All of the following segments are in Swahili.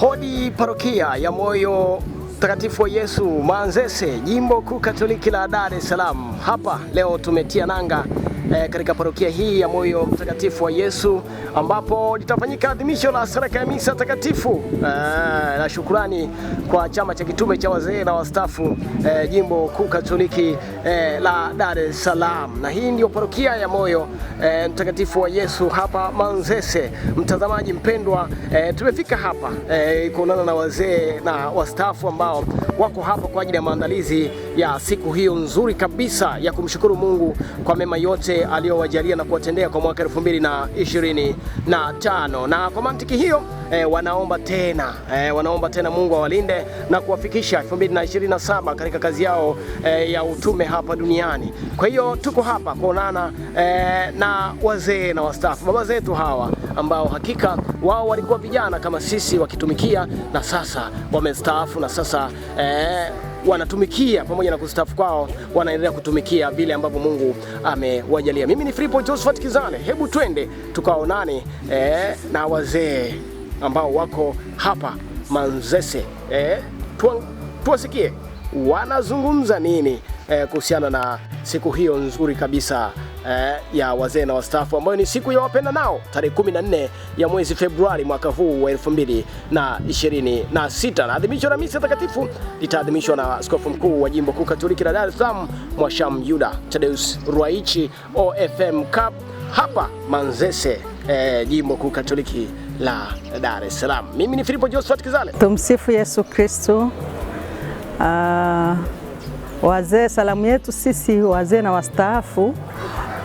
Hodi parokia ya Moyo Mtakatifu wa Yesu Manzese, jimbo kuu Katoliki la Dar es Salaam. Hapa leo tumetia nanga eh, katika parokia hii ya Moyo Mtakatifu wa Yesu ambapo litafanyika adhimisho la sadaka ya misa takatifu e, na shukrani kwa chama cha kitume cha wazee na wastaafu eh, jimbo kuu Katoliki eh, la Dar es Salaam, na hii ndio parokia ya Moyo eh, Mtakatifu wa Yesu hapa Manzese. Mtazamaji mpendwa, eh, tumefika hapa eh, kuonana na wazee na wastaafu ambao wako hapa kwa ajili ya maandalizi ya siku hiyo nzuri kabisa ya kumshukuru Mungu kwa mema yote yote aliyowajalia na kuwatendea kwa mwaka 2025 na, na kwa mantiki hiyo eh, wanaomba tena eh, wanaomba tena Mungu awalinde na kuwafikisha 2027 katika kazi yao eh, ya utume hapa duniani. Kwa hiyo tuko hapa kuonana eh, na wazee na wastaafu, baba zetu hawa ambao hakika wao walikuwa vijana kama sisi wakitumikia, na sasa wamestaafu na sasa eh, wanatumikia pamoja na kustaafu kwao, wanaendelea kutumikia vile ambavyo Mungu amewajalia. Mimi ni Freepoint Josephat Kizane, hebu twende tukaonane eh, na wazee ambao wako hapa Manzese eh, tuwasikie wanazungumza nini eh, kuhusiana na siku hiyo nzuri kabisa eh, ya wazee na wastaafu ambayo ni siku ya wapenda nao tarehe 14 ya mwezi Februari mwaka huu wa 2026. Na adhimisho la misa takatifu litaadhimishwa na askofu mkuu wa jimbo kuu Katoliki la Dar es Salaam Mwasham Yuda Tadeus Ruwaichi OFM Cup hapa Manzese eh, jimbo kuu Katoliki la Dar es Salaam. Mimi ni Filipo Josephat Kizale. Tumsifu Yesu Kristo. Uh, wazee, salamu yetu sisi wazee na wastaafu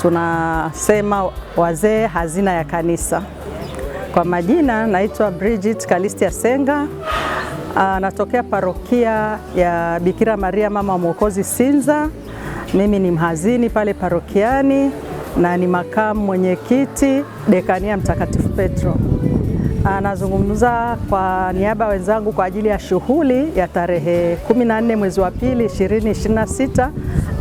tunasema wazee hazina ya kanisa. Kwa majina naitwa Bridget Kalistia Senga. Uh, ah, natokea parokia ya Bikira Maria Mama wa Mwokozi Sinza. Mimi ni mhazini pale parokiani na ni makamu mwenyekiti dekania Mtakatifu Petro. Anazungumza ah, kwa niaba ya wenzangu kwa ajili ya shughuli ya tarehe 14 mwezi wa pili 2026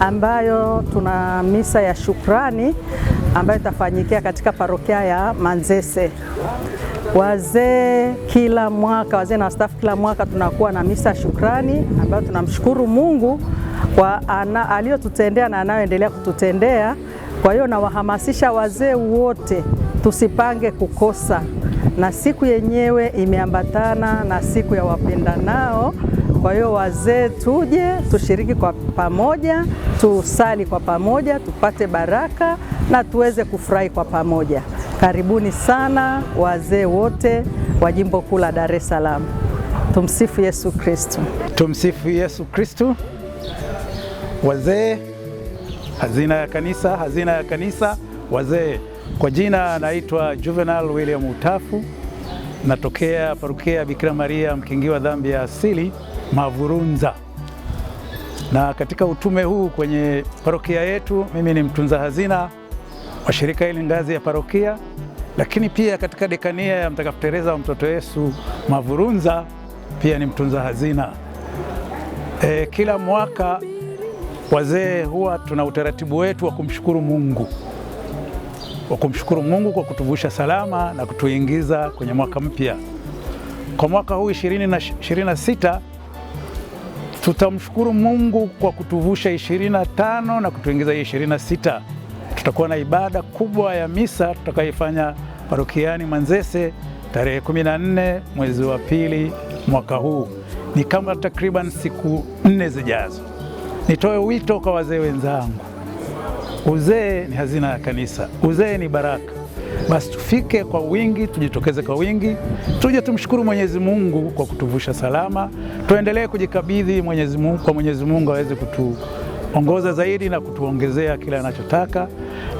ambayo tuna misa ya shukrani ambayo itafanyikia katika parokia ya Manzese. Wazee kila mwaka, wazee na wastaafu kila mwaka tunakuwa na misa ya shukrani ambayo tunamshukuru Mungu kwa aliyotutendea na anayoendelea kututendea. Kwa hiyo nawahamasisha wazee wote tusipange kukosa na siku yenyewe imeambatana na siku ya wapenda nao Kwa hiyo wazee, tuje tushiriki kwa pamoja, tusali kwa pamoja, tupate baraka na tuweze kufurahi kwa pamoja. Karibuni sana wazee wote wa Jimbo Kuu la Dar es Salaam. Tumsifu Yesu Kristo. Tumsifu Yesu Kristo. Wazee, hazina ya kanisa, hazina ya kanisa, wazee. Kwa jina naitwa Juvenal William Utafu, natokea parokia ya Bikira Maria mkingiwa dhambi ya asili Mavurunza, na katika utume huu kwenye parokia yetu mimi ni mtunza hazina wa shirika hili ngazi ya parokia, lakini pia katika dekania ya Mtakatifu Teresa wa Mtoto Yesu Mavurunza pia ni mtunza hazina. E, kila mwaka wazee huwa tuna utaratibu wetu wa kumshukuru Mungu wa kumshukuru Mungu kwa kutuvusha salama na kutuingiza kwenye mwaka mpya. Kwa mwaka huu 2026 tutamshukuru Mungu kwa kutuvusha 25 na kutuingiza 26. Tutakuwa na ibada kubwa ya misa tutakayoifanya parokiani Manzese tarehe 14 mwezi wa pili mwaka huu, ni kama takriban siku nne zijazo. Nitoe wito kwa wazee wenzangu Uzee ni hazina ya kanisa, uzee ni baraka. Basi tufike kwa wingi, tujitokeze kwa wingi, tuje tumshukuru Mwenyezi Mungu kwa kutuvusha salama. Tuendelee kujikabidhi Mwenyezi Mungu, kwa Mwenyezi Mungu aweze kutuongoza zaidi na kutuongezea kila anachotaka,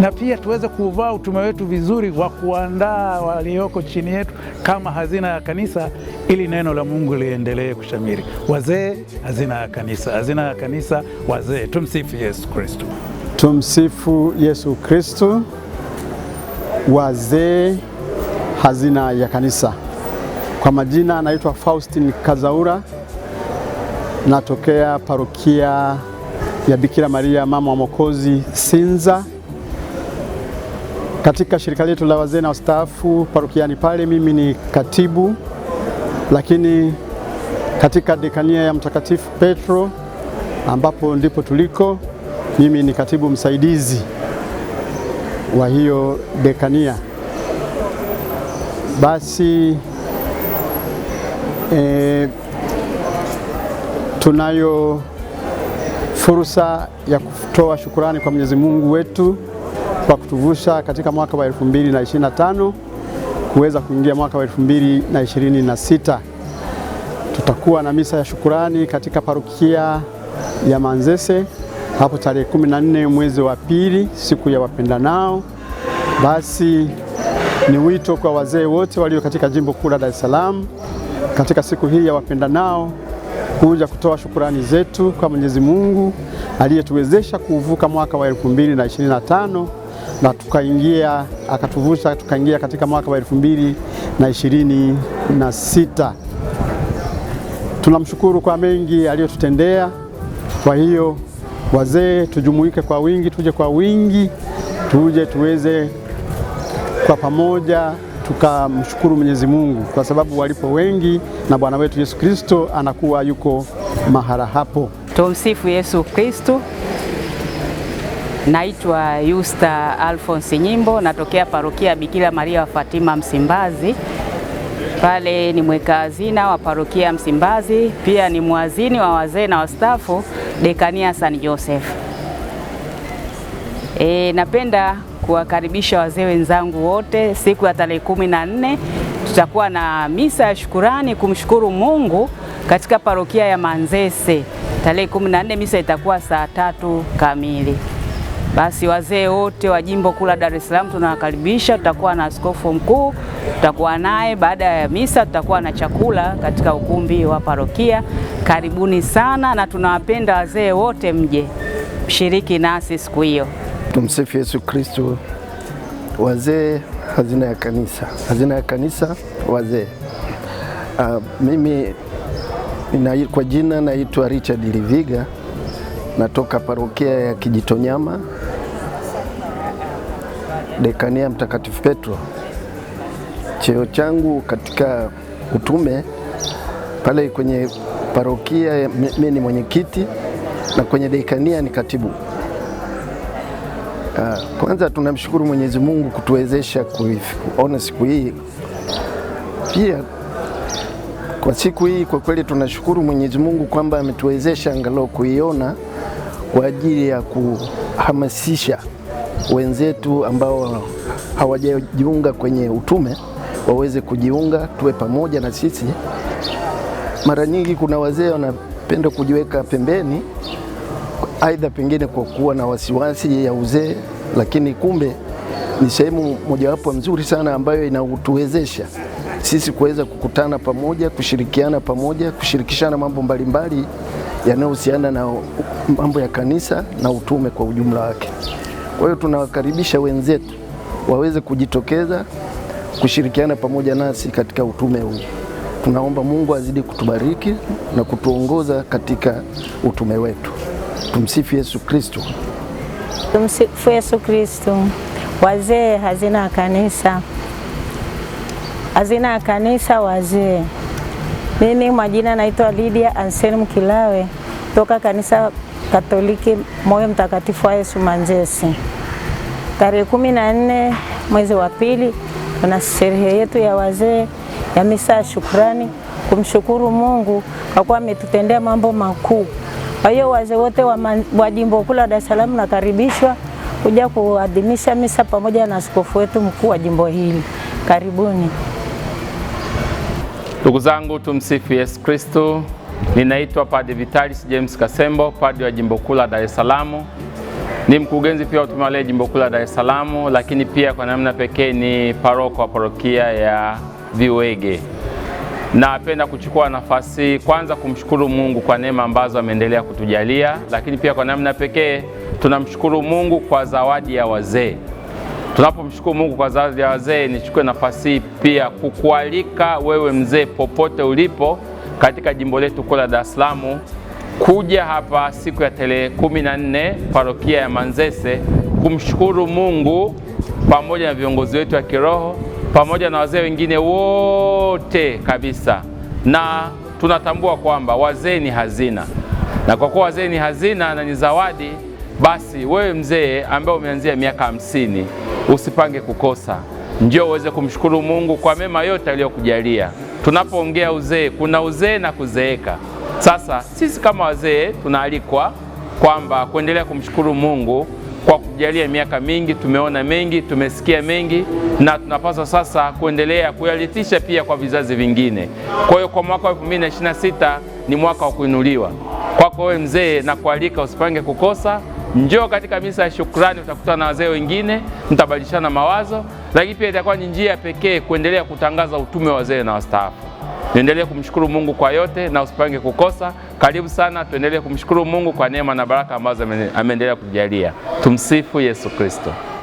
na pia tuweze kuvaa utume wetu vizuri wa kuandaa walioko chini yetu kama hazina ya kanisa, ili neno la Mungu liendelee kushamiri. Wazee hazina ya kanisa, hazina ya kanisa wazee. Tumsifu Yesu Kristo. Tumsifu Yesu Kristu. Wazee hazina ya kanisa. Kwa majina anaitwa Faustin Kazaura, natokea parokia ya Bikira Maria mama wa Mwokozi Sinza, katika shirika letu la wazee na wastaafu parokiani pale. Mimi ni katibu, lakini katika dekania ya Mtakatifu Petro ambapo ndipo tuliko mimi ni katibu msaidizi wa hiyo dekania. Basi e, tunayo fursa ya kutoa shukurani kwa Mwenyezi Mungu wetu kwa kutuvusha katika mwaka wa 2025 kuweza kuingia mwaka wa 2026. Tutakuwa na misa ya shukurani katika parokia ya Manzese hapo tarehe kumi na nne mwezi wa pili, siku ya nao. Basi ni wito kwa wazee wote walio katika jimbo kuu la Dar es Salaam katika siku hii ya nao kuja kutoa shukurani zetu kwa Mwenyezi Mungu aliyetuwezesha kuvuka mwaka wa 2025 na tukaingia akatuvusha tukaingia katika mwaka wa 2026. Tunamshukuru kwa mengi aliyotutendea. Kwa hiyo wazee tujumuike kwa wingi, tuje kwa wingi, tuje tuweze kwa pamoja tukamshukuru Mwenyezi Mungu kwa sababu walipo wengi na Bwana wetu Yesu Kristo anakuwa yuko mahala hapo. Tumsifu Yesu Kristo. Naitwa Yusta Alphonse Nyimbo, natokea parokia Bikira Maria wa Fatima Msimbazi pale ni mweka hazina wa parokia ya Msimbazi, pia ni mwazini wa wazee na wastaafu dekania San Joseph. E, napenda kuwakaribisha wazee wenzangu wote. Siku ya tarehe kumi na nne tutakuwa na misa ya shukurani kumshukuru Mungu katika parokia ya Manzese. Tarehe kumi na nne misa itakuwa saa tatu kamili. Basi wazee wote wa jimbo kuu la Dar es Salaam tunawakaribisha. Tutakuwa na askofu mkuu, tutakuwa naye baada ya misa, tutakuwa na chakula katika ukumbi wa parokia. Karibuni sana, na tunawapenda wazee wote, mje shiriki nasi siku hiyo. Tumsifu Yesu Kristo. Wazee hazina ya kanisa, hazina ya kanisa wazee. Uh, mimi ina, kwa jina naitwa Richard Liviga natoka parokia ya Kijitonyama dekania Mtakatifu Petro. Cheo changu katika utume pale kwenye parokia mimi ni mwenyekiti na kwenye dekania ni katibu. Ah, kwanza tunamshukuru Mwenyezi Mungu kutuwezesha kuona siku hii. Pia kwa siku hii kwa kweli tunashukuru Mwenyezi Mungu kwamba ametuwezesha angalau kuiona kwa ajili ya kuhamasisha wenzetu ambao hawajajiunga kwenye utume waweze kujiunga, tuwe pamoja na sisi. Mara nyingi kuna wazee wanapenda kujiweka pembeni, aidha pengine kwa kuwa na wasiwasi ya uzee, lakini kumbe ni sehemu mojawapo mzuri sana ambayo inautuwezesha sisi kuweza kukutana pamoja, kushirikiana pamoja, kushirikishana mambo mbalimbali yanayohusiana na mambo ya kanisa na utume kwa ujumla wake. Kwa hiyo tunawakaribisha wenzetu waweze kujitokeza kushirikiana pamoja nasi katika utume huu. Tunaomba Mungu azidi kutubariki na kutuongoza katika utume wetu. Tumsifu Yesu Kristo. Tumsifu Yesu Kristo. Wazee hazina kanisa, hazina ya kanisa wazee. Mimi majina naitwa Lydia Anselm Kilawe toka kanisa Katoliki Moyo Mtakatifu wa Yesu Manzese. Tarehe kumi na nne mwezi wa pili tuna sherehe yetu ya wazee ya misa ya shukrani kumshukuru Mungu kwa kuwa ametutendea mambo makuu. Kwa hiyo wazee wote wa jimbo kuu la Dar es Salaam nakaribishwa kuja kuadhimisha misa pamoja na askofu wetu mkuu wa jimbo hili. Karibuni ndugu zangu, tumsifu Yesu Kristo. Ninaitwa Padre Vitalis James Kasembo, padre wa Jimbo Kuu la Dar es Salaam. Ni mkurugenzi pia wa utume wa Jimbo Kuu la Dar es Salaam, lakini pia kwa namna pekee ni paroko wa parokia ya Viwege. Napenda kuchukua nafasi kwanza kumshukuru Mungu kwa neema ambazo ameendelea kutujalia, lakini pia kwa namna pekee tunamshukuru Mungu kwa zawadi ya wazee. Tunapomshukuru Mungu kwa zawadi ya wazee, nichukue nafasi pia kukualika wewe mzee, popote ulipo katika jimbo letu kuu la Dar es Salaam kuja hapa siku ya tarehe kumi na nne parokia ya Manzese kumshukuru Mungu pamoja na viongozi wetu wa kiroho pamoja na wazee wengine wote kabisa, na tunatambua kwamba wazee ni hazina, na kwa kuwa wazee ni hazina na ni zawadi, basi wewe mzee ambaye umeanzia miaka hamsini usipange kukosa, njoo uweze kumshukuru Mungu kwa mema yote aliyokujalia tunapoongea uzee, kuna uzee na kuzeeka. Sasa sisi kama wazee tunaalikwa kwamba kuendelea kumshukuru Mungu kwa kujalia miaka mingi, tumeona mengi, tumesikia mengi, na tunapaswa sasa kuendelea kuyarithisha pia kwa vizazi vingine. Kwa hiyo kwa mwaka wa 2026 ni mwaka wa kuinuliwa. Kwako wewe mzee, na kualika usipange kukosa Njoo katika misa ya shukrani, utakutana na wazee wengine, mtabadilishana mawazo, lakini pia itakuwa ni njia pekee kuendelea kutangaza utume wa wazee na wastaafu. Niendelee kumshukuru Mungu kwa yote na usipange kukosa. Karibu sana, tuendelee kumshukuru Mungu kwa neema na baraka ambazo ameendelea kujalia. Tumsifu Yesu Kristo.